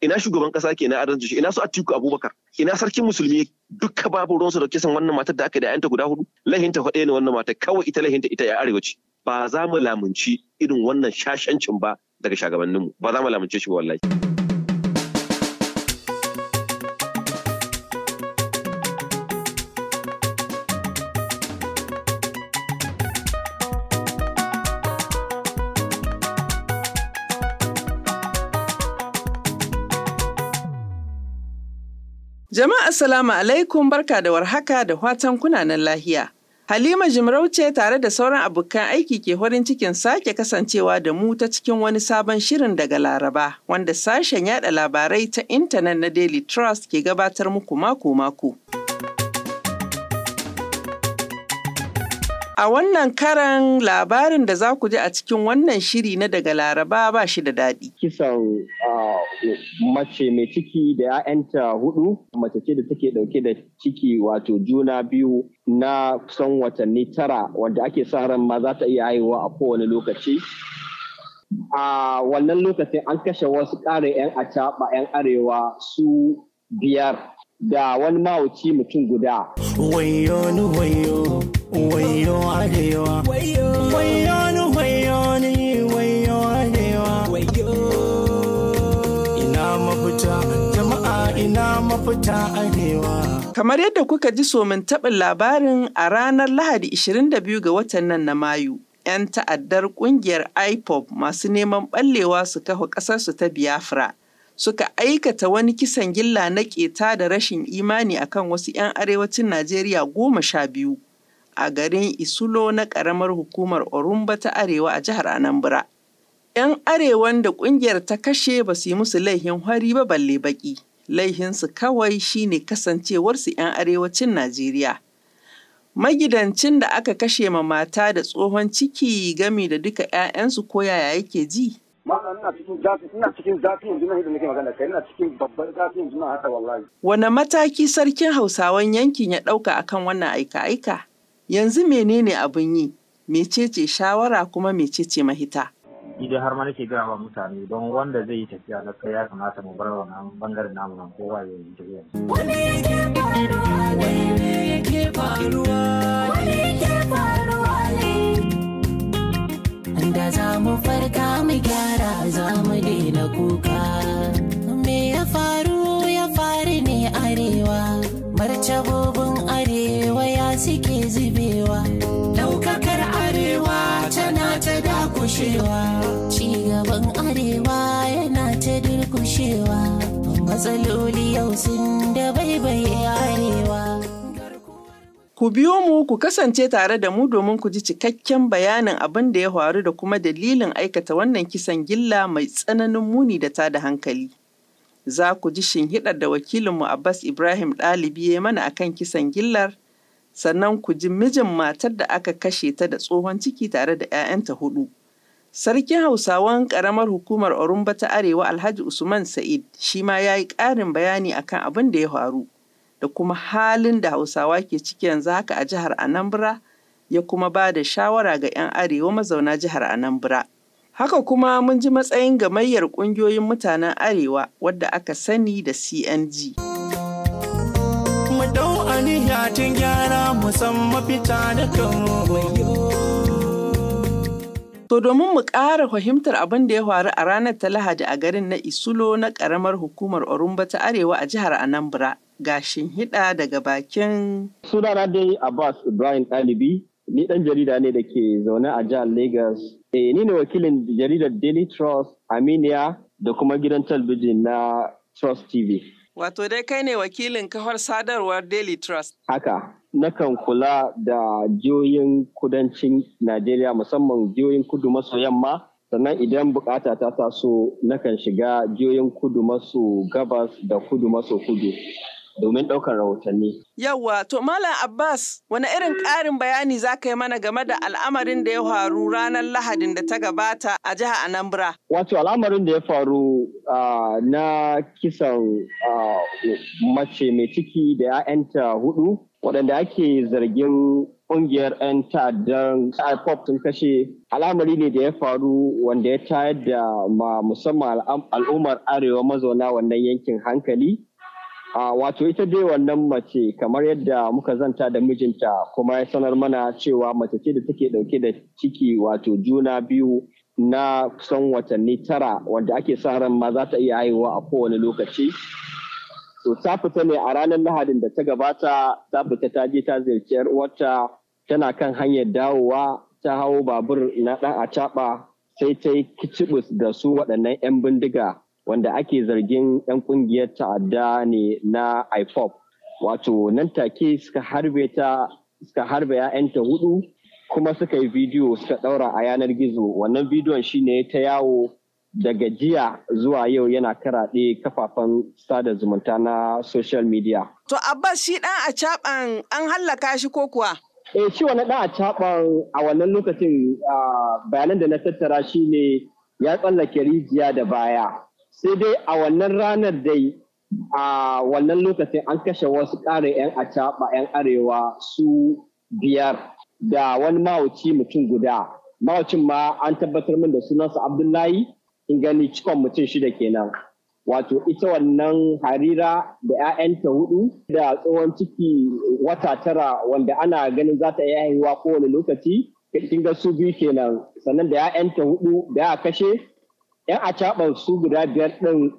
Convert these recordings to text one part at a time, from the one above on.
ina shugaban kasa ke na adalci shi ina su Atiku Abubakar ina sarkin musulmi duka babu ruwan su da kisan wannan matar da aka da yanta guda hudu lahinta hudu ne wannan matar kawai ita lahinta ita ya arewaci ba za mu lamunci irin wannan shashancin ba daga shagabanninmu. ba za mu lamunce shi ba wallahi Jama'a salamu alaikum barka da warhaka da watan kunanan lahiya. Halima Jimarauce tare da sauran abokan aiki ke horin cikin sake kasancewa da mu ta cikin wani sabon shirin daga Laraba wanda sashen yada labarai ta intanet na Daily Trust ke gabatar muku mako-mako. A wannan karan labarin da za ku ji a cikin wannan shiri na daga Laraba ba shi da daɗi. Kisan mace mai ciki da 'ya'yanta hudu mace ce da take ɗauke da ciki wato juna biyu na kusan watanni tara wanda ake sa ran ma za ta iya haihuwa a kowane lokaci. A wannan lokacin an kashe wasu ƙarin 'yan acaɓa 'yan arewa su biyar da wani mahauci mutum guda. Wayo ni wayo. wayo arewa wayo ni wayo ni wayo arewa ina mafita jama'a ina mafita arewa kamar yadda kuka ji somin taɓin labarin a ranar lahadi 22 ga watan nan na mayu 'yan ta'addar ƙungiyar IPOP masu neman ɓallewa su kafa ƙasarsu ta Biafra suka aikata wani kisan gilla na ƙeta da rashin imani akan wasu 'yan arewacin Najeriya goma sha biyu. a garin Isulo na ƙaramar hukumar Orumba ta Arewa a jihar Anambra. 'Yan arewan da ƙungiyar ta kashe ba su yi musu laihin hwari ba balle baƙi, laihinsu kawai shine kasancewarsu 'yan arewacin Najeriya. Magidancin da aka kashe ma mata da tsohon ciki gami da duka 'ya'yansu ko yaya yake ji? ina cikin zafi yanzu na hidda ke magana kai ina cikin babban zafi yanzu na haka wallahi. Wane mataki sarkin Hausawan yankin ya ɗauka akan wannan aika-aika? Yanzu menene abin yi? Mecece shawara kuma mecece mahita? Idan har ma nake gaya wa mutane don wanda zai yi tafiya na kai ya kamata mu bar wannan bangaren namu nan kowa ya yi tafiya. Da za mu farka mu gyara za mu daina kuka. me ya faru ya faru ne arewa marcabobin arewa ya suke zubewa daukakar arewa tana ta dakushewa cigaban arewa yana ta durkushewa matsaloli yau sun da arewa Ku biyo mu ku kasance tare da mu domin ku ji cikakken bayanin abin da ya faru da kuma dalilin aikata wannan kisan gilla mai tsananin muni da tada hankali. za ku ji shinhiɗar da wakilinmu Abbas Ibrahim ɗalibi ya mana kan kisan gillar, sannan ku ji mijin matar da aka kashe ta da tsohon ciki tare da 'ya'yanta hudu. Sarkin Hausawan ƙaramar hukumar Orumba ta Arewa Alhaji Usman Sa'id shi ma ya yi ƙarin bayani a kan abin da ya faru da kuma halin da Hausawa ke ciki yanzu haka a jihar Anambra ya kuma ba da shawara ga 'yan Arewa mazauna jihar Anambra. Haka kuma mun ji matsayin gamayyar ƙungiyoyin mutanen Arewa wadda aka sani da CNG. Mu gyara To domin mu ƙara fahimtar abin da ya faru a ranar ta Lahadi a garin na Isulo na ƙaramar hukumar Orumba ta Arewa a jihar Anambra. Gashin hida daga bakin. Sunana dai Abbas Ibrahim Ɗalibi Ni dan jarida ne da ke zaune a jihar Lagos. Eh ni ne wakilin jaridar Daily Trust, Aminiya da kuma gidan talbijin na Trust TV. Wato dai kai ne wakilin kafar sadarwar Daily Trust. Haka, nakan kula da jihohin kudancin Najeriya musamman jihohin kudu maso yamma sannan idan bukata ta taso nakan shiga jihohin kudu maso gabas da kudu maso kudu domin ɗaukar rahotanni. Yawwa, to Malam Abbas, wani irin ƙarin bayani za ka yi mana game da al'amarin da ya faru ranar Lahadin da ta gabata a jiha Anambra? Wato al'amarin da ya faru na kisan mace mai ciki da 'ya'yanta hudu waɗanda ake zargin ƙungiyar 'yan ta'addan ipop sun kashe al'amari ne da ya faru wanda ya tayar da musamman al'ummar arewa mazauna wannan yankin hankali a wato ita dai wannan mace kamar yadda muka zanta da mijinta kuma ya sanar mana cewa mace ce da take dauke da ciki wato juna biyu na kusan watanni tara wanda ake sa ran ma za ta iya haihuwa a kowane lokaci to ta fita ne a ranar lahadin da ta gabata ta fita ta je ta ziyarci yar uwarta tana kan hanyar dawowa ta hawo babur na dan acaba sai ta yi kicibus da su waɗannan 'yan bindiga wanda ake zargin 'yan ƙungiyar ta'adda ne na IFOP. Wato nan take suka harbe ta 'ya'yanta hudu kuma suka yi bidiyo suka ɗaura a yanar gizo wannan bidiyon shine ta yawo daga jiya zuwa yau yana karaɗe kafafen sada zumunta na social media. To Abbas shi ɗan a caɓan an hallaka shi ko kuwa? Eh shi wani ɗan a caɓan a wannan lokacin ah, bayanan da na tattara shi ne ya tsallake rijiya da baya. sai dai a wannan ranar dai a wannan lokacin an kashe wasu ƙarin 'yan acaɓa 'yan arewa su biyar da wani mahauci mutum guda mahaucin ma an tabbatar min da sunansa abdullahi in gani cikon mutum shida kenan wato ita wannan harira da 'ya'yanta hudu da tsohon ciki wata tara wanda ana ganin za ta iya haihuwa kowane lokaci kin ga su biyu kenan sannan da 'ya'yanta hudu da ya kashe yan caɓa su guda biyar ɗin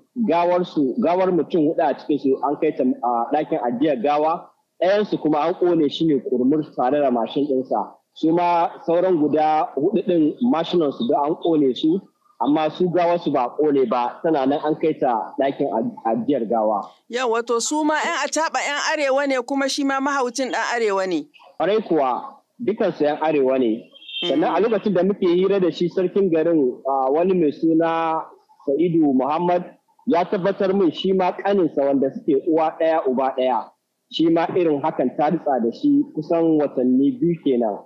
gawar mutum huɗu a cikin su an kai ta a ɗakin ajiyar gawa ɗayan su kuma an ƙone shi ne kurmur tare da mashin ɗinsa su ma sauran guda huɗu ɗin mashinan su an ƙone su amma su gawa su ba ƙone ba tana nan an kai ta ɗakin ajiyar gawa. Yau wato su ma 'yan acaɓa 'yan arewa ne kuma shi ma mahaucin ɗan arewa ne. Kwarai kuwa dukansu 'yan arewa ne sannan a mm-hmm. lokacin da muke hira da shi sarkin garin wani mai suna sa'idu muhammad ya tabbatar min shi ma kaninsa wanda suke uwa ɗaya uba ɗaya shi ma irin hakan ta ritsa da shi kusan watanni biyu kenan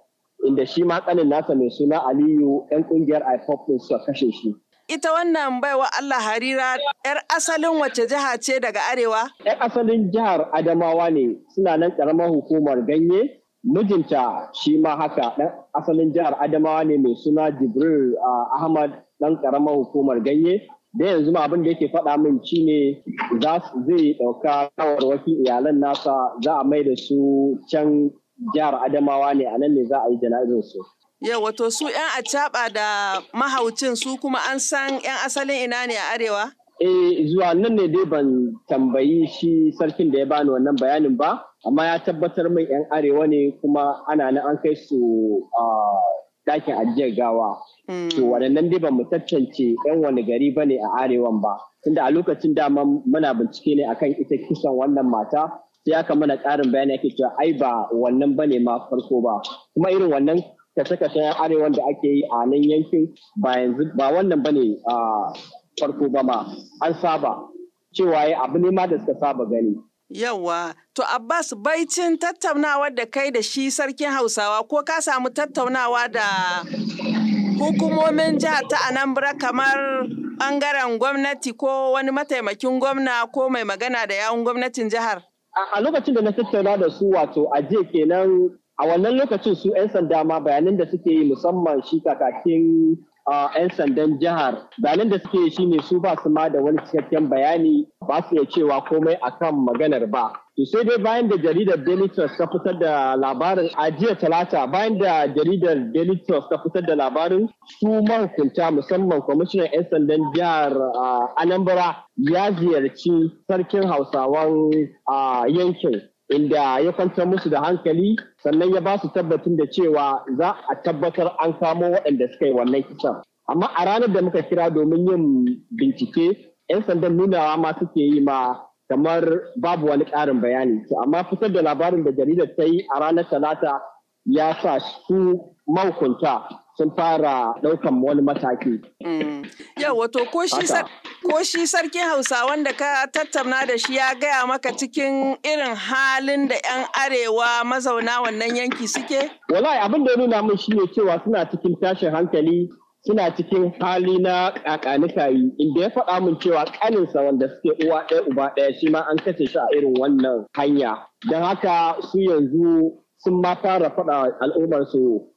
inda shi ma kanin nasa mai suna aliyu yan kungiyar ipop din suka kashe shi ita wannan baiwa Allah harira yar asalin wace jiha ce daga arewa yar asalin jihar adamawa ne suna nan karamar hukumar ganye mijinta shi ma haka ɗan asalin jihar adamawa ne mai suna jibril ahmad ɗan ƙaramar hukumar ganye da yanzu ma abin da yake faɗa min shi ne zai ɗauka shawarwaki iyalan nasa za a mai da su can jihar adamawa ne a nan ne za a yi jana'izar su. Yau wato su 'yan acaɓa da mahaucin su kuma an san 'yan asalin ina ne a arewa? eh zuwa nan ne dai ban tambayi shi sarkin da ya bani wannan bayanin ba amma ya tabbatar min yan arewa ne kuma ana nan an kai su dakin ajiyar gawa hmm. to waɗannan dai ban mu tantance yan wani gari ba ne a arewan ba tunda a lokacin dama muna bincike ne akan ita kisan wannan mata sai aka mana ƙarin bayani ake cewa ai ba wannan ba ne ma farko ba kuma irin wannan kashe-kashen arewan da ake yi a nan yankin ba wannan ba ne farko ba ma an saba cewa ya abu ne ma da suka saba gani. Yawwa, to Abbas baicin tattaunawa da kai da shi sarkin Hausawa ko ka samu tattaunawa da hukumomin jihar ta Anambra kamar bangaren gwamnati ko wani mataimakin gwamna ko mai magana da yawun gwamnatin jihar? A lokacin da na tattauna da su wato a jiya kenan a wannan lokacin su 'yan sanda ma bayanan da suke yi musamman shi kakakin A 'yan sandan jihar dalin da suke shi ne su ba su ma da wani cikakken bayani ba su iya cewa komai akan maganar ba. To sai dai bayan da jaridar Daily Trust ta fitar da labarin a jiya talata bayan da jaridar Daily Trust ta fitar da labarin su mahukunta musamman kwamishinan 'yan sandan jihar Anambra ya ziyarci sarkin hausawan yankin inda ya kwantar musu da hankali sannan ya ba su tabbatin da cewa za a tabbatar an kamo waɗanda suka yi wannan kisan. Amma a ranar da muka kira domin yin bincike, 'yan sandan nunawa ma suke yi ma kamar babu wani ƙarin bayani. Amma fitar da labarin da jaridar ta yi a ranar Talata ya sa su mahukunta sun fara ɗaukan wani mataki. Mm. Yau wato ko shi sarkin Hausa wanda ka tattauna da shi ya gaya maka cikin irin halin da 'yan arewa mazauna wannan yanki suke? Wallahi abin da ya nuna min shi ne cewa suna cikin tashin hankali suna cikin hali na kakanikayi inda ya faɗa min cewa ƙaninsa wanda suke uwa ɗaya uba ɗaya shi ma an kashe shi a irin wannan hanya don haka su yanzu sun ma fara faɗa al'ummar su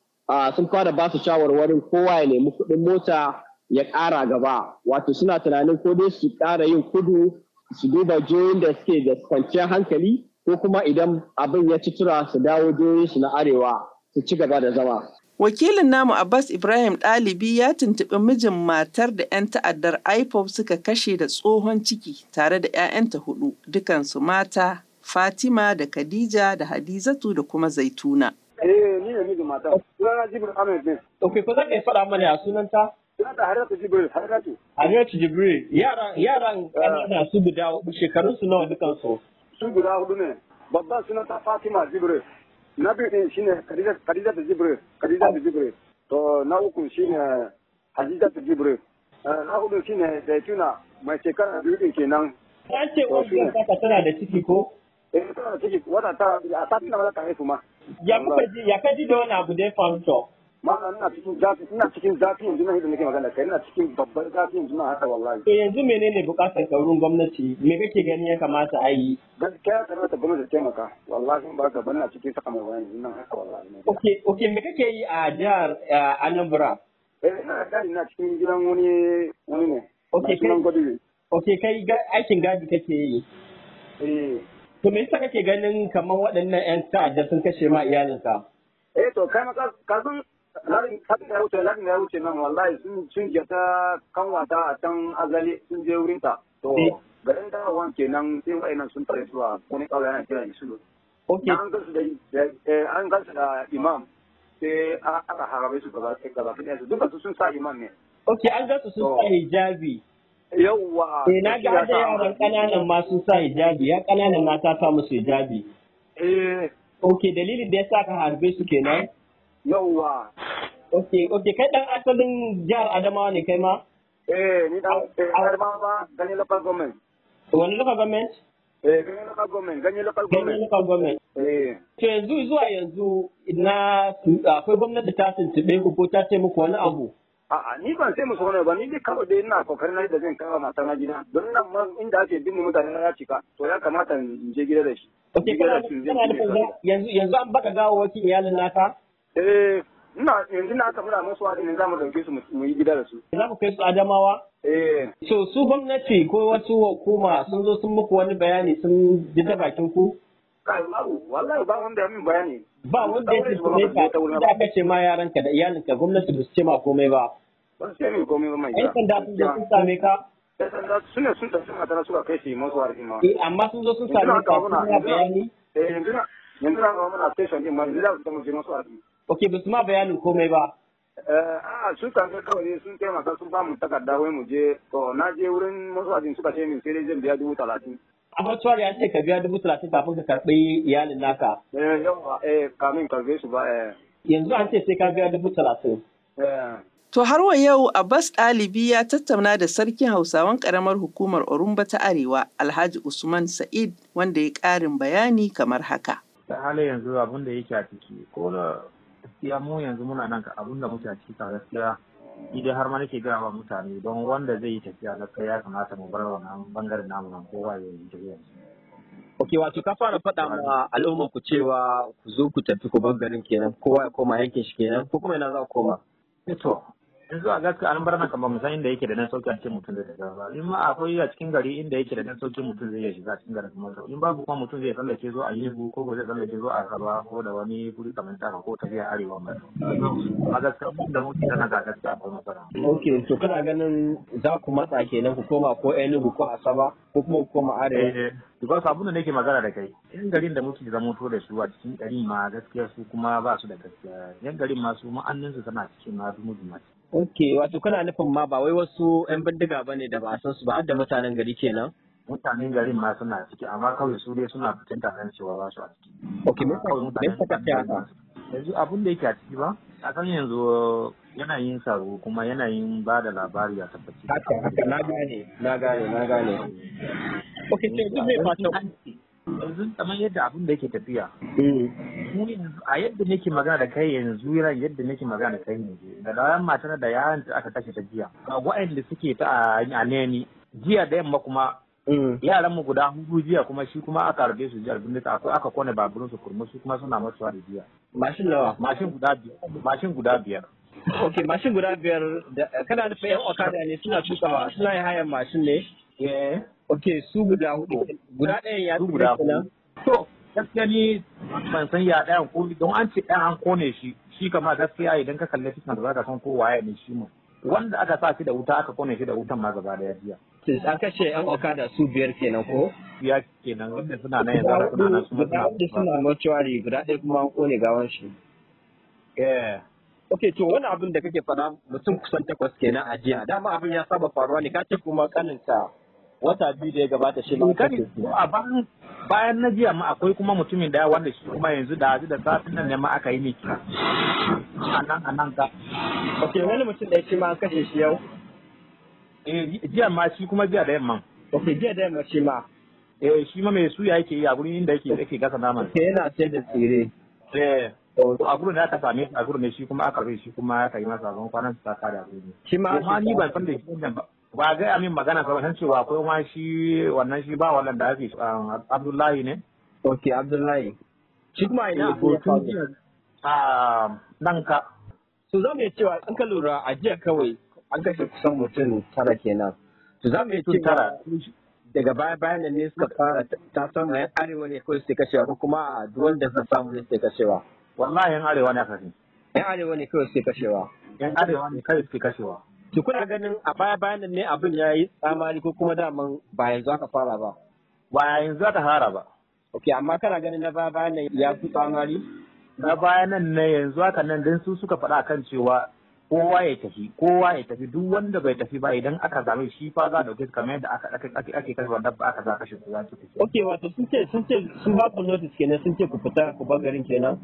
sun fara ba su shawarwarin kowa ya nemi kuɗin mota ya ƙara gaba wato suna tunanin ko dai su kara yin kudu su duba jiyoyin da suke da kwanciyar hankali ko kuma idan abin ya ci tura su dawo su na arewa su ci gaba da zama. Wakilin namu Abbas Ibrahim ɗalibi ya tuntuɓi mijin matar da 'yan ta'addar IPOP suka kashe da tsohon ciki tare da 'ya'yanta hudu dukansu mata Fatima da Khadija da Hadizatu da kuma Zaituna. Eh, ni ne mijin mata. Sunana Jibril Ahmed ne. Ok, ko za ka faɗa mana ya sunanta? Sunanta Haratu Jibril, Haratu. Haratu Jibril, yaran yaran eh. ƙanana su guda hudu shekarun su nawa dukan su? Su guda hudu ne. Babban sunanta Fatima Jibril. Na biyu ɗin shine Khadija da Jibril, Khadija da Jibril. To na uku shine Hadiza da Jibril. Eh, na hudu shine Zaituna mai shekara biyu ɗin kenan. Ta ce wani tana da ciki ko? Eh, tana da ciki, wata ta, a satin da wata ta haifu ma. ya kuka ji ya kaji da wani abu da ya faru to ma'ana ina cikin zafi ina cikin zafi yanzu na yadda nake magana kai ina cikin babban zafi yanzu na haka wallahi to yanzu menene bukatar kaurin gwamnati me kake gani ya kamata a yi gaskiya ya kamata gwamnati ta taimaka wallahi ba ka banna cikin saka mai wani nan haka wallahi okay okay me kake yi a jihar Anambra eh ina ina cikin gidan wani wani ne okay kai okay kai aikin gadi kake yi eh To me yasa kake ganin kamar waɗannan 'yan ta'adda sun kashe ma iyalinka? Eh to kai kasan larin ya wuce larin ya wuce nan wallahi sun sun ta wata a can azali sun je wurin ta. To eh. garin da wan kenan sai wayannan sun tare zuwa, a wani kawai yana kiran su. Okay. An gansu da eh, an gansu da imam sai aka harabe su gaba ɗaya ɗaya su duka su sun sa imam ne. Okay an gasu sun sa hijabi. yawwa eh na ga da yaran kananan ma sun sa hijabi ya kananan mata sa musu hijabi eh okay dalilin da yasa ka harbe su kenan yawwa okay okay kai dan asalin jihar Adamawa ne kai ma eh ni dan Adamawa gani local government wani local government eh, ganyen local government, ganyen local government. Ganyen local government. Eh. To yanzu zuwa yanzu na akwai gwamnati ta tuntube ku ko ta ce muku wani abu. A'a ni ban sai musu wani ba ni dai kawai dai ina kokarin na da zan kawo mata na gida don nan ma inda ake bin mutane na cika to ya kamata in je gida da shi. Ok yanzu yanzu an baka gawo wasu iyalin naka? Eh ina yanzu na aka mura musu wani za mu dauke su mu yi gida da su. Za ku kai su Adamawa? Eh. So su gwamnati ko wasu hukuma sun zo sun muku wani bayani sun ji ta bakin ku? ba wanda ya min ka da aka ce ma yaranka da ka gwamnati ba su ce ma komai ba ba su ce min komai ba mai yan sanda sun zo sun same ka yan sanda sun sun suka kai shi masu harfi ma eh amma sun zo sun same ka sun bayani eh yanzu na yanzu na station din ma yanzu za su shi masu harfi ba su ma bayanin komai ba eh, a sun tafi kawai sun taimaka sun ba mu takarda wai mu je to na je wurin masu suka ce min sai dai zan biya dubu talatin a farko ya ce ka biya dubu talatin kafin ka karɓi iyalin naka. Eh, eh kamin karɓe su ba eh. Yanzu an ce sai ka biya dubu talatin. Eh. To har wa yau Abbas ɗalibi ya tattauna da sarkin Hausawan ƙaramar hukumar Orumba ta Arewa Alhaji Usman Sa'id wanda ya ƙarin bayani kamar haka. Ta hali yanzu abin da yake a ciki ko da gaskiya mu yanzu muna nan abin da muke a ciki gaskiya idan har ma nake gaya mutane don wanda zai yi tafiya na kai ya kamata mu bar wannan bangaren namu nan kowa ya yi tafiya Ok, wato ka fara faɗa ma al'ummar ku cewa ku zo ku tafi ku bangaren kenan kowa ya koma yankin shi kenan ko kuma ina za ku koma? Ito, eh yanzu a gaskiya an bar kan kamar mu da inda yake da nan sauki a cikin mutum zai shiga ba in ma akwai a cikin gari inda yake da nan sauki mutum zai shiga cikin garin kuma in babu kuma mutum zai tsallake zo a yihu ko zai tsallake zo a kaba ko da wani guri kamar taka ko tafiya arewa ba a gaskiya mun da mutum tana ga gaskiya akwai matsala. ok to kana ganin za ku matsa kenan ku koma ko enugu ko asaba ko kuma ku koma arewa. Eh, because abin da nake magana da kai, yan garin da muke to da su a cikin garin ma gaskiya su kuma ba su da gaskiya. Yan garin ma su ma'anninsu tana cikin ma su mutum Ok, wato kana nufin ma ba wai wasu 'yan bindiga ba ne da ba san su ba da mutanen gari kenan? Mutanen garin ma suna ciki amma kawai su dai suna fitin nan cewa ba su a ciki. Ok, me yasa ka fiya haka? Yanzu abin da yake a ciki ba, a kan yanzu yanayin saro kuma yanayin ba da labari a tabbaci. Haka, haka, na gane, na gane, na gane. Ok, sai duk zai fata. yanzu kamar yadda abin da yake tafiya eh. a yadda nake magana da kai yanzu ran yadda nake magana da kai yanzu da ran matan da yaran ta aka tashi ta jiya waɗanda suke ta a neni jiya da yamma kuma mm. yaran mu guda hudu jiya kuma shi kuma aka rufe su da birnin da aka kone baburin su kurmus su kuma suna masu da jiya mashin nawa mashin guda biyar mashin guda biyar ok mashin guda biyar kana nufin yan okada ne suna tukawa suna yi hayan mashin ne eh. ok su guda hudu guda ɗayan ya su guda hudu to gaskiya ni ban san ya ɗayan ko don an ce ɗayan an kone shi shi kama gaskiya idan ka kalli cikin da zaka san ko waye ne shi mun. wanda aka sa shi da wuta aka kone shi da wutan ma gaba daya jiya an kashe yan okada su biyar kenan ko biyar kenan wanda suna nan yanzu suna nan suna suna mortuary guda ɗaya kuma an kone gawan shi eh. Ok, to wani abin da kake fara mutum kusan takwas kenan a jiya dama abin ya saba faruwa ne ka ce kuma kaninta. wata biyu da ya gabata shi ma eh, a bayan bayan na jiya ma akwai kuma mutumin da wanda shi kuma yanzu da aji da safin nan ne ma aka yi miki a nan a nan ka ok wani mutum da ce ma an kashe shi yau eh jiya ma shi kuma jiya da yamma ok jiya da yamma shi ma eh shi ma mai suya yake yi a gurin inda yake yake gasa naman eh yana ce da tsire eh a gurin da aka same a gurin ne shi kuma aka rufe shi kuma aka yi masa zan kwanan su ta kada shi ma ni ban san da shi ba ba ga amin magana sa san cewa akwai ma shi wannan shi ba wannan da ake um, Abdullahi ne okay Abdullahi shi kuma ina a um, nan ka to za mu iya cewa an ka lura a jiya kawai an kashe kusan mutum tara kenan to za mu iya cewa daga baya bayan da ne suka fara ta san yan arewa ne kawai suke kashewa ko kuma a duwan da suka samu ne suke kashewa wallahi yan arewa ne aka yan arewa ne kawai suke kashewa yan arewa ne kawai suke kashewa ki kuna ganin a baya bayan ne abin ya yi tsamari ko kuma daman ba yanzu aka fara ba ba yanzu aka fara ba ok amma kana ganin na baya bayan ya fi tsamari na baya nan ne yanzu aka nan dan su suka faɗa kan cewa kowa ya tafi kowa ya tafi duk wanda bai tafi ba idan aka zame shi fa za a su, kamar yadda aka ake ake kashe wanda aka za kashe su za su tafi okay wato sun ce sun ce sun ba ku notice kenan sun ce ku fita ku bar garin kenan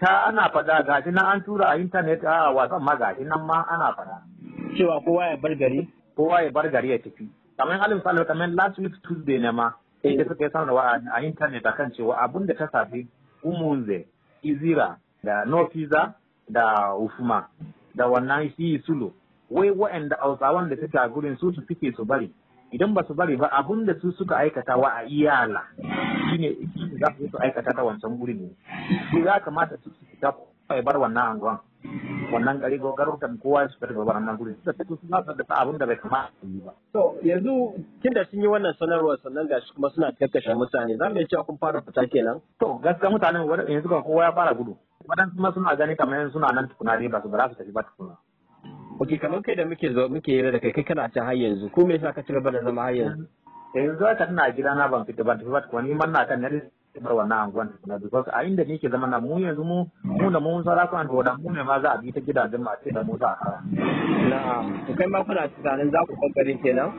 ta ana faɗa gashi nan an tura a intanet a wasan ma gashi nan ma ana faɗa. Cewa kowa ya bar gari? Kowa ya bar gari ya tafi. Kamar alim salam kamar last week Tuesday ne ma. Sai da eh. suka yi sanarwa a intanet akan cewa abun da ta safi Umunze, Izira, da Nofiza, da Ufuma, da wannan shi Wai wa'anda Hausawan da suke a gurin su su fike su bari. idan ba su bari ba abun da su suka aikata wa a iyala shine za su aikata ta wancan guri ne shi za kamata su su fita ya bar wannan anguwan wannan gari ko garurukan kowa su fita bar wannan guri suka fito suna da abun da bai kamata su yi ba to yanzu kin da sun yi wannan sanarwar sannan gashi kuma suna kakkashe mutane za mu iya cewa kun fara fita kenan to gaskiya mutanen yanzu kan kowa ya fara gudu wadansu ma suna gani kamar suna nan tukuna ne ba su ba za su tafi ba tukuna ok kamar kai da muke zo muke yi da kai kai kana can har yanzu ko me yasa ka ci gaba da zama har yanzu yanzu haka tana gida na ban fita ban tafi ba kuma ni man na kan nan bar wannan anguwan na because a inda nake zama na mu yanzu mu mu da mun sara kan da da mu ne ma za a bi ta gidajen ma sai da mu za a na'am to kai ma kuna tunanin za ku kokari kenan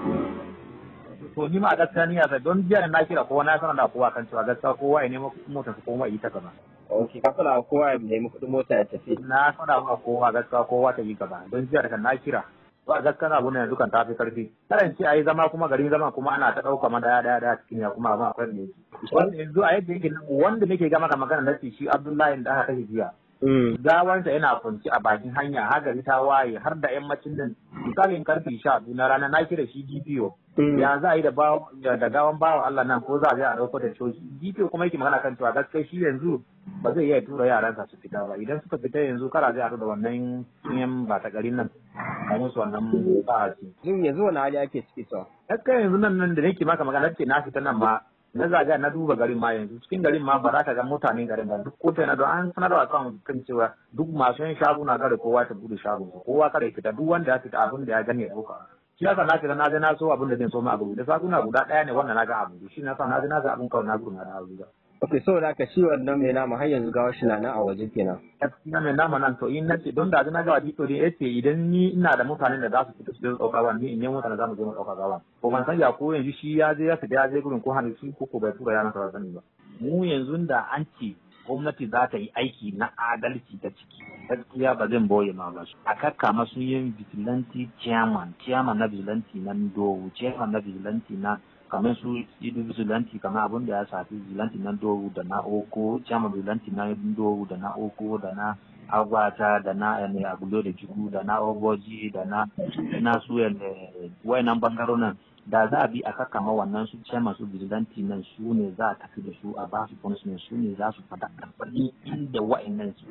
to ni ma a gaskiya ni ya don jiya na kira kowa na sanar da kowa kan cewa gaskiya kowa ya nemo mota su koma yi ta kaza ok ka faɗa kowa ya nemi kuɗin mota ya tafi na faɗa wa kowa gaskiya kowa ta yi gaba don jiya daga na kira ba gaskiya abu ne yanzu kan tafi karfi karan ce a yi zama kuma garin zama kuma ana ta ɗauka ma daya daya daya cikin ya kuma abin akwai da wanda yanzu a yadda yake wanda nake gama magana na shi Abdullahi da aka kashe jiya Mm. gawansa yana kwanci a bakin hanya haka ta waye har da yammacin nan misalin karfe sha biyu na rana na kira shi DPO mm. ya za a yi da gawan bawa Allah nan ko za a je a dauko da coci DPO kuma yake magana kan cewa gaske shi yanzu ba zai iya tura yaransa su fita ba idan suka fita yanzu kara zai haɗu da wannan yan ba ta garin nan a musu wannan ba a ce. yanzu wani hali ake ciki sa. gaske yanzu nan nan da nake maka magana ce na fita nan ma na zagaya na duba garin ma yanzu cikin garin ma ba za ka ga mutanen garin ba duk kota na an da kan kan cewa duk masu yin na gare kowa ta bude shago kowa kada ya fita duk wanda ya fita abin da ya gani ya dauka shi yasa na fita na je na so abin da zan so ma abu da saguna guda daya ne wannan na ga abu shi na sa na je na ga abin kawai na gudu na da abu Ok, so da ka shi wannan mai nama har yanzu gawa shi na nan a waje kenan. Na mai nama nan to in nace don da na ga dito ne yace idan ni ina da mutanen da za su fito su dauka ɗauka ni in yi mutanen za mu je mu ɗauka awa. Ko ban san ya ko yanzu shi ya je ya fita ya je gurin ko hannu shi ko ko bai tura yana tsara sani ba. Mu yanzu da an ce gwamnati za ta yi aiki na adalci ta ciki gaskiya ba zan boye ma ba a kakka, masu yin vigilante chairman chairman na vigilante na ndowu chairman na vigilante na kamar su idu zulanti kamar abin da ya shafi zulanti na doru da na oko chairman zulanti na doru da na oko da na agwata da na eh, ne agulo da jugu da na ogoji da na na su eh, nan. bangarorin da za a bi a ma wannan su ce su vigilanti nan su ne za a tafi da su a ba su punishment su ne za su fada karfani inda nan su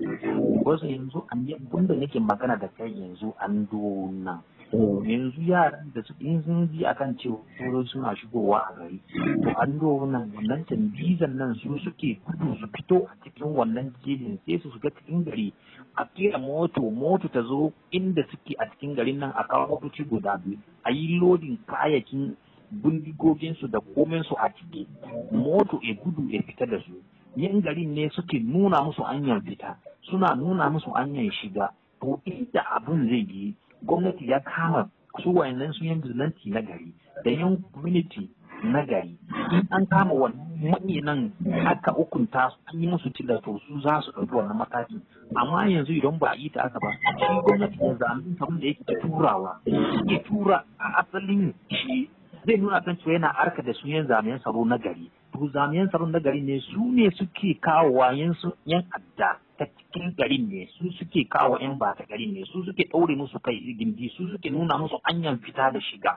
yanzu an yi da nake magana da kai yanzu an doru nan Eh. yanzu yaran da su in sun ji akan cewa turai suna shigowa a gari to an zo wannan wannan tambizan nan su suke gudu su fito a cikin wannan jejin sai su shiga cikin gari a kira moto moto ta zo inda suke a cikin garin nan a kawo kuci guda biyu a yi lodin kayakin bindigoginsu da kominsu a ciki moto ya gudu ya fita da su yan garin ne suke nuna musu hanyar fita suna nuna musu hanyar shiga to inda abin zai yi gwamnati ya kama su wayannan su nan ti na gari da yan community na gari in an kama wannan nan aka hukunta su yi musu to su za su ɗauki wannan mataki amma yanzu idan ba a yi ta aka ba shi gwamnati ya zama kamar da yake ta turawa yake tura a asalin shi zai nuna kan cewa yana arka da su yan zamiyan tsaro na gari to zamiyan tsaro na gari ne su ne suke kawo wayan yan adda ta cikin garin ne su suke kawo yan ba ta garin ne su suke ɗaure musu kai gindi su suke nuna musu anyan fita da shiga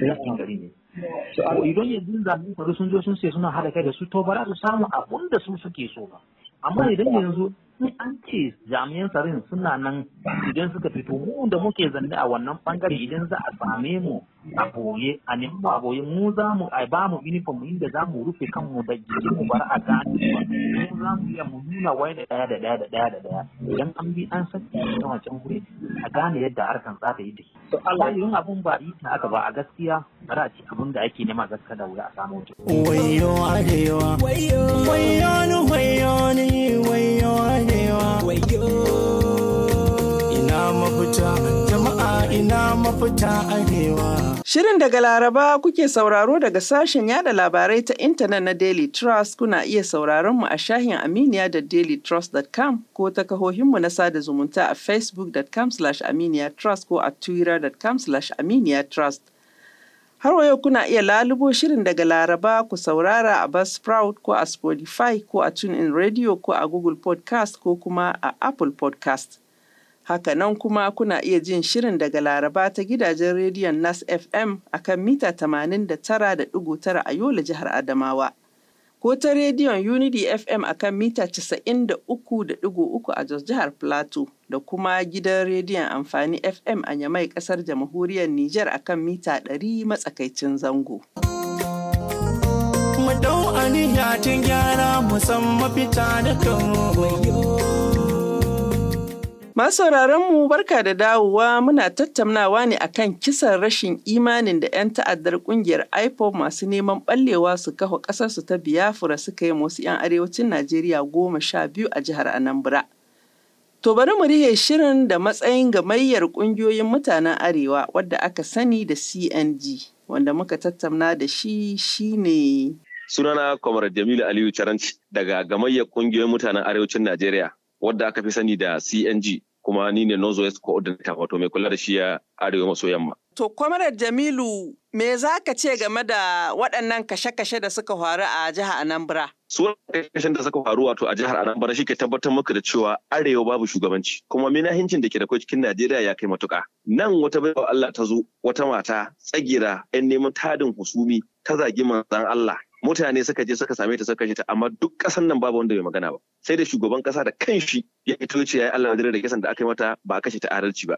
na cikin garin ne idan yanzu faru sun zo sun ce suna hada kai da su to ba za su samu abun da su suke so ba amma idan yanzu in an ce jami'an tsarin suna nan idan suka fito mu da muke zanne a wannan bangare idan za a same mu a boye a nemo mu a boye mu za mu a ba mu uniform inda za mu rufe kanmu da gidi mu bar a gane mu za mu iya mu nuna wai da daya da daya da daya da daya idan an bi an san ta wancan gure a gane yadda harkan za ta yi da ke. to Allah yin abun ba yi ta aka ba a gaskiya ba za a ci abun da ake nema gaskiya da wuya a samu wayo arewa wayo wayo ni wayo ni wayo kamewa ina mafita jama'a ina mafita arewa Shirin daga Laraba kuke sauraro daga sashen yada labarai ta intanet na Daily Trust kuna iya sauraron mu a shahin Aminiya da dailytrust.com ko ta kahohinmu na sada zumunta a facebookcom aminiya trust ko a twittercom aminiya trust. Har yau kuna iya lalubo shirin daga Laraba ku saurara a Buzzsprout ko a Spotify ko a TuneIn Radio ko a Google Podcast ko kuma a Apple Podcast. Hakanan kuma kuna iya jin shirin daga Laraba ta gidajen rediyon Nas FM a kan mita 89.9 a Yola jihar Adamawa. ko ta rediyon Unity FM a kan mita 93.3 a Jos Jihar Plateau da kuma gidan rediyon amfani FM a Nyamai kasar jamhuriyar Nijar a kan mita 100 matsakaicin zango. Mu dau a tun gyara musamman san mafita da kanmu. Masu mu barka da dawowa muna tattaunawa ne akan kisan rashin imanin da 'yan ta'addar kungiyar ipo masu neman ɓallewa su kafa ƙasarsu ta Biafra suka yi wasu 'yan arewacin Najeriya goma sha biyu a jihar Anambra. To bari mu rihe shirin da matsayin gamayyar ƙungiyoyin mutanen Arewa wadda aka sani da CNG wanda muka tattauna da shi shine. Sunana Kwamar Jamilu Aliyu Caranci daga gamayyar ƙungiyoyin mutanen Arewacin Najeriya. wadda aka fi sani da CNG kuma ni ne West Coordinator wato mai kula da shi a arewa maso yamma. To kwamarar Jamilu me za ka ce game da waɗannan kashe-kashe da suka faru a jihar Anambra? Suwar kashe da suka faru wato a jihar Anambra shi ke tabbatar maka da cewa arewa babu shugabanci kuma minahincin da ke da cikin Najeriya ya kai matuƙa. Nan wata baiwa Allah ta zo wata mata tsagira 'yan neman tadin husumi ta zagi manzan Allah mutane suka je suka same ta suka kashe ta amma duk kasan nan babu wanda bai magana ba sai da shugaban kasa da kanshi ya fito ce yayi Allah da kisan da aka yi mata ba kashe ta adalci ba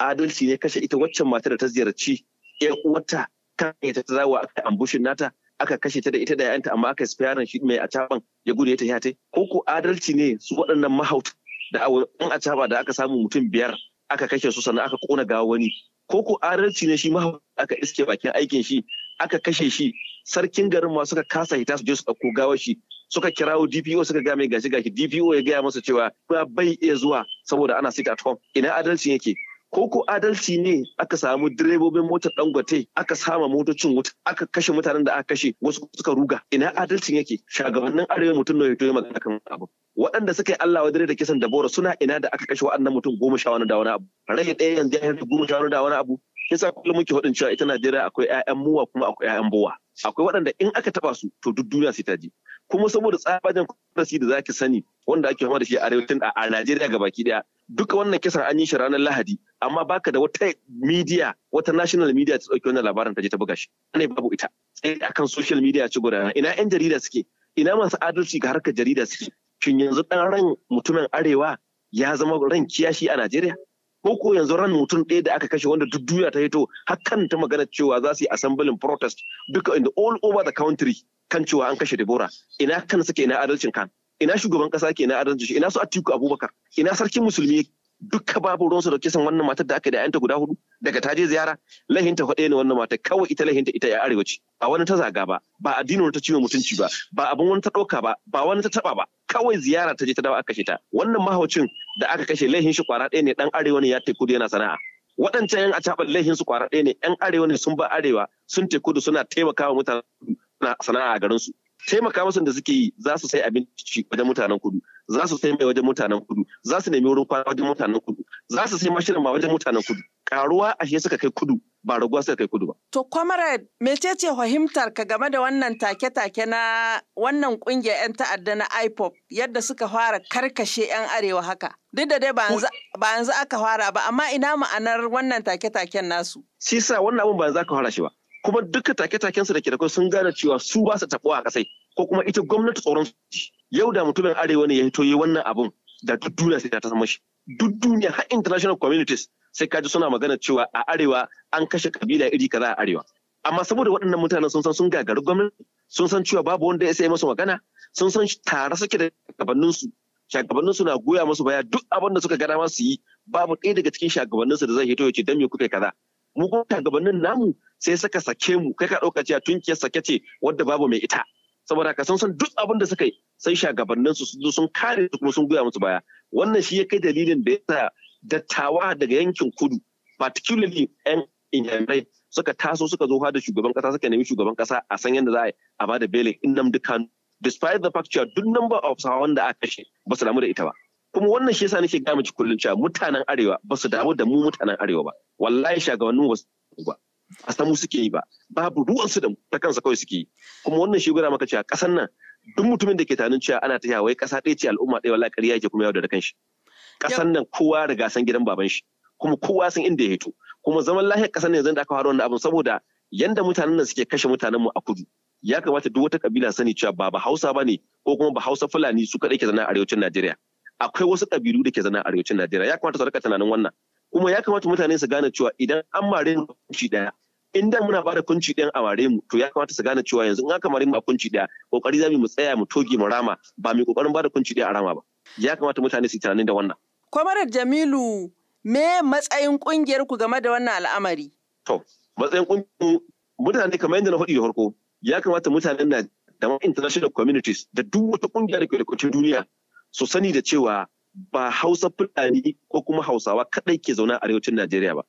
adalci ne kashe ita waccan matar da ta ziyarci ƴan uwarta kan ta zawa aka ambushin nata aka kashe ta da ita da yayanta amma aka spiyaran shi mai acaban ya gudu ya tafi ta ko ko adalci ne su waɗannan mahauta da in acaba da aka samu mutum biyar aka kashe su sannan aka kona gawa wani ko ko adalci ne shi mahauta aka iske bakin aikin shi aka kashe shi sarkin garin ma suka kasa hita su je su ɗauko gawashi shi suka kirawo DPO suka ga mai gashi gashi DPO ya gaya masa cewa ba bai iya zuwa saboda ana sit at home ina adalci yake ko ko adalci ne aka samu direbobin motar dangote aka sama motocin wuta aka kashe mutanen da aka kashe wasu suka ruga ina adalcin yake shagabannin arewa mutum na ya magana kan abu waɗanda suka yi Allah wa dare da kisan da bora suna ina da aka kashe waɗannan mutum goma sha wani da wani abu rage ɗaya yanzu ya yanzu goma sha wani da wani abu yasa kullum muke hudun cewa ita Najeriya akwai 'ya'yan muwa kuma akwai 'ya'yan buwa akwai waɗanda in aka taba su to duk duniya sai ta ji kuma saboda tsabajen kwanasi da zaki sani wanda ake fama da shi a arewacin a Najeriya gabaki daya duka wannan kisan an yi shi ranar Lahadi amma baka da wata media wata national media ta dauki wannan labarin ta je ta buga shi ana babu ita sai akan social media ci gudana ina yan jarida suke ina masu adalci ga harkar jarida suke shin yanzu dan ran mutumin arewa ya zama ran kiyashi a Najeriya ko ko yanzu ran mutum ɗaya da aka kashe wanda duk duniya ta hito hakan ta magana cewa za su yi assemblin protest duka in the all over the country kan cewa an kashe Debora ina kan suke ina adalcin kan ina shugaban kasa ke ina adalcin shi ina su Atiku Abubakar ina sarkin musulmi dukka babu ruwansu da kisan wannan matar da aka da yanta guda hudu daga taje ziyara lahinta hudu ne wannan matar kawai ita lahinta ita ya arewaci ba wani ta zaga ba ba addinin ta ciwo mutunci ba ba abin wani ta ɗauka ba ba wani ta taɓa ba kawai ziyara ta je ta dawo aka kashe ta wannan mahaucin da aka kashe lahin shi kwara ɗaya ne ɗan arewa ne ya teku yana sana'a waɗancan yan acaɓar lahin su kwara ɗaya ne yan arewa ne sun ba arewa sun teku da suna taimakawa mutane sana'a a garinsu taimaka musu da suke yi za su sai abinci wajen mutanen kudu za su sai mai wajen mutanen kudu za su nemi wurin kwana wajen mutanen kudu za su sai mashirin ma wajen mutanen kudu karuwa ashe suka kai kudu ba raguwa suka kai kudu ba. To comrade mecece fahimtar ka game da wannan take-take na wannan kungiyar 'yan ta'adda na IPOP yadda suka fara karkashe 'yan arewa haka. Duk da dai ba yanzu aka fara ba amma ina ma'anar wannan take-taken nasu. Shi sa wannan abun ba yanzu aka fara shi ba. Kuma duka take-taken su da ke da sun gane cewa su ba su taɓuwa a kasai. ko kuma ita gwamnati tsoron yau da mutumin arewa ne ya hito yi wannan abun da duk duniya sai ta san mashi duk duniya har international communities sai kaji suna magana cewa a arewa an kashe kabila iri kaza a arewa amma saboda waɗannan mutanen sun san sun gagari gwamnati sun san cewa babu wanda ya sai masu magana sun san tare suke da su shagabannin na goya masu baya duk abin da suka gada ma su yi babu ɗaya daga cikin shagabanninsu da zai hito ya ce dan me kuke kaza mu kuma shagabannin namu sai saka sake mu kai ka dauka cewa tunkiyar sake ce wadda babu mai ita saboda haka sun san duk abin da suka yi sai shagabannin su zo sun kare su kuma sun goya musu baya wannan shi ya kai dalilin da yasa dattawa daga yankin kudu particularly yan inyamurai suka taso suka zo da shugaban kasa suka nemi shugaban kasa a san yadda za a yi a bada belin in nam dukkan despite the fact cewa duk number of sawan da aka kashe ba su damu da ita ba kuma wannan shi yasa nake ga miki kullum cewa mutanen arewa ba su damu da mu mutanen arewa ba wallahi shagabannin ba su ba a samu suke yi ba babu ruwansu da ta kansa kawai suke yi kuma wannan shi gura maka cewa kasan nan duk mutumin da ke tanin cewa ana ta wai kasa ɗaya ce al'umma ɗaya wala ƙarya yake kuma yau da kanshi kasan nan kowa riga san gidan baban shi kuma kowa san inda ya hito kuma zaman lahiyar kasan nan yanzu da aka faru wannan abin saboda yanda mutanen nan suke kashe mutanen mu a kudu ya kamata duk wata kabila sani cewa ba ba Hausa bane ko kuma ba Hausa Fulani su kaɗai ke zana a arewacin Najeriya akwai wasu kabilu da ke zana a arewacin Najeriya ya kamata su rika tunanin wannan kuma ya kamata mutane su gane cewa idan an mare mu kunci daya inda da muna bada kunci ɗin a mare mu to ya kamata su gane cewa yanzu in aka mare mu a kunci daya kokari zamu mu tsaya mu toge mu rama ba mu kokarin bada kunci ɗaya a rama ba ya kamata mutane su yi tunanin da wannan kwamarar jamilu me matsayin kungiyar ku game da wannan al'amari to matsayin kungiyar mutane kamar yadda na faɗi da farko ya kamata mutane na da international communities da duk wata kungiya da ke da duniya su sani da cewa ba Hausa Fulani ko kuma Hausawa kaɗai ke zaune a arewacin Najeriya ba.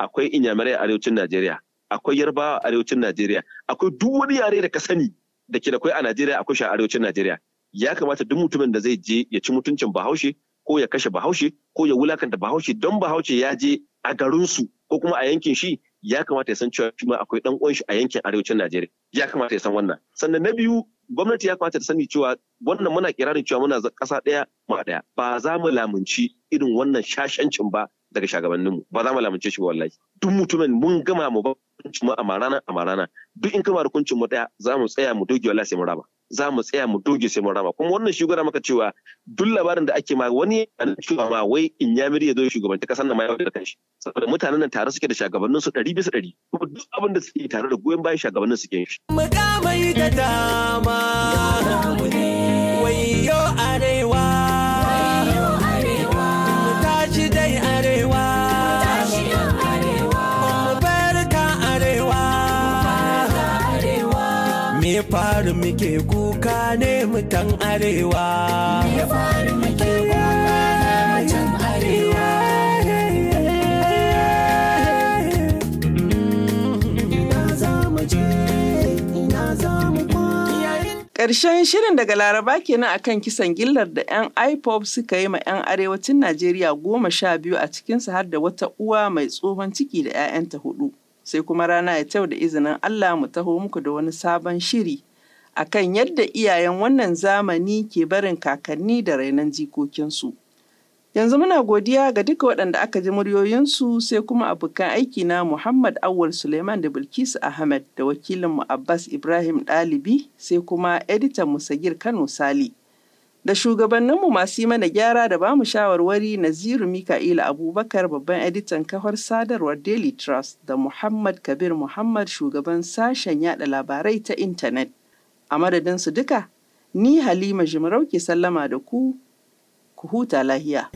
Akwai Inyamirai a arewacin Najeriya, akwai Yarbawa a arewacin Najeriya, akwai duk wani yare da ka sani da ke da kwai a Najeriya akwai shi a arewacin Najeriya. Ya kamata duk mutumin da zai je ya ci mutuncin Bahaushe ko ya kashe Bahaushe ko ya wulakanta Bahaushe don Bahaushe ya je a garinsu ko kuma a yankin shi ya kamata ya san cewa shi ma akwai dan uwan shi a yankin arewacin Najeriya. Ya kamata ya san wannan. Sannan na biyu gwamnati ya kamata ta sani cewa wannan muna kirarin cewa muna kasa ɗaya ma ɗaya ba za mu lamunci irin wannan shashancin ba daga shagabanninmu ba za mu lamunce shi ba wallahi duk mutumin mun gama mu ba mu a marana a marana duk in kama rukuncin mu ɗaya za mu tsaya mu doge wallahi sai mu raba za mu tsaya mu doge sai mun rama kuma wannan shi gwada maka cewa duk labarin da ake ma wani yana cewa ma wai in ya ya zo shugabanci kasar nan ma ya da kanshi saboda mutanen nan tare suke da shugabannin su 100 bisa 100 kuma duk abin da suke tare da goyon bayan shugabannin suke shi mu da dama faru muke kuka ne mutan arewa Ƙarshen shirin daga Laraba kenan a kan kisan gillar da 'yan ipop suka yi ma 'yan arewacin Najeriya goma sha biyu a cikinsu har da wata uwa mai tsohon ciki da 'ya'yanta hudu. sai kuma rana ya tau da izinin Allah mu taho muku da wani sabon shiri akan yadda iyayen wannan zamani ke barin kakanni da rainon jikokinsu. Yanzu muna godiya ga duka waɗanda aka ji muryoyinsu sai kuma abokan aiki na Muhammad Awul Suleiman da Bilkisu Ahmed da wakilinmu Abbas Ibrahim Ɗalibi sai kuma editan Musagir Kano Sali. da shugabanninmu masu yi mana gyara da bamu shawarwari Naziru Mika'ila Abubakar babban editan kafar sadarwar Daily Trust da Muhammad Kabir Muhammad shugaban sashen yada labarai ta intanet. A madadin su duka, ni Halima Jimarau ke sallama da ku, ku huta lahiya.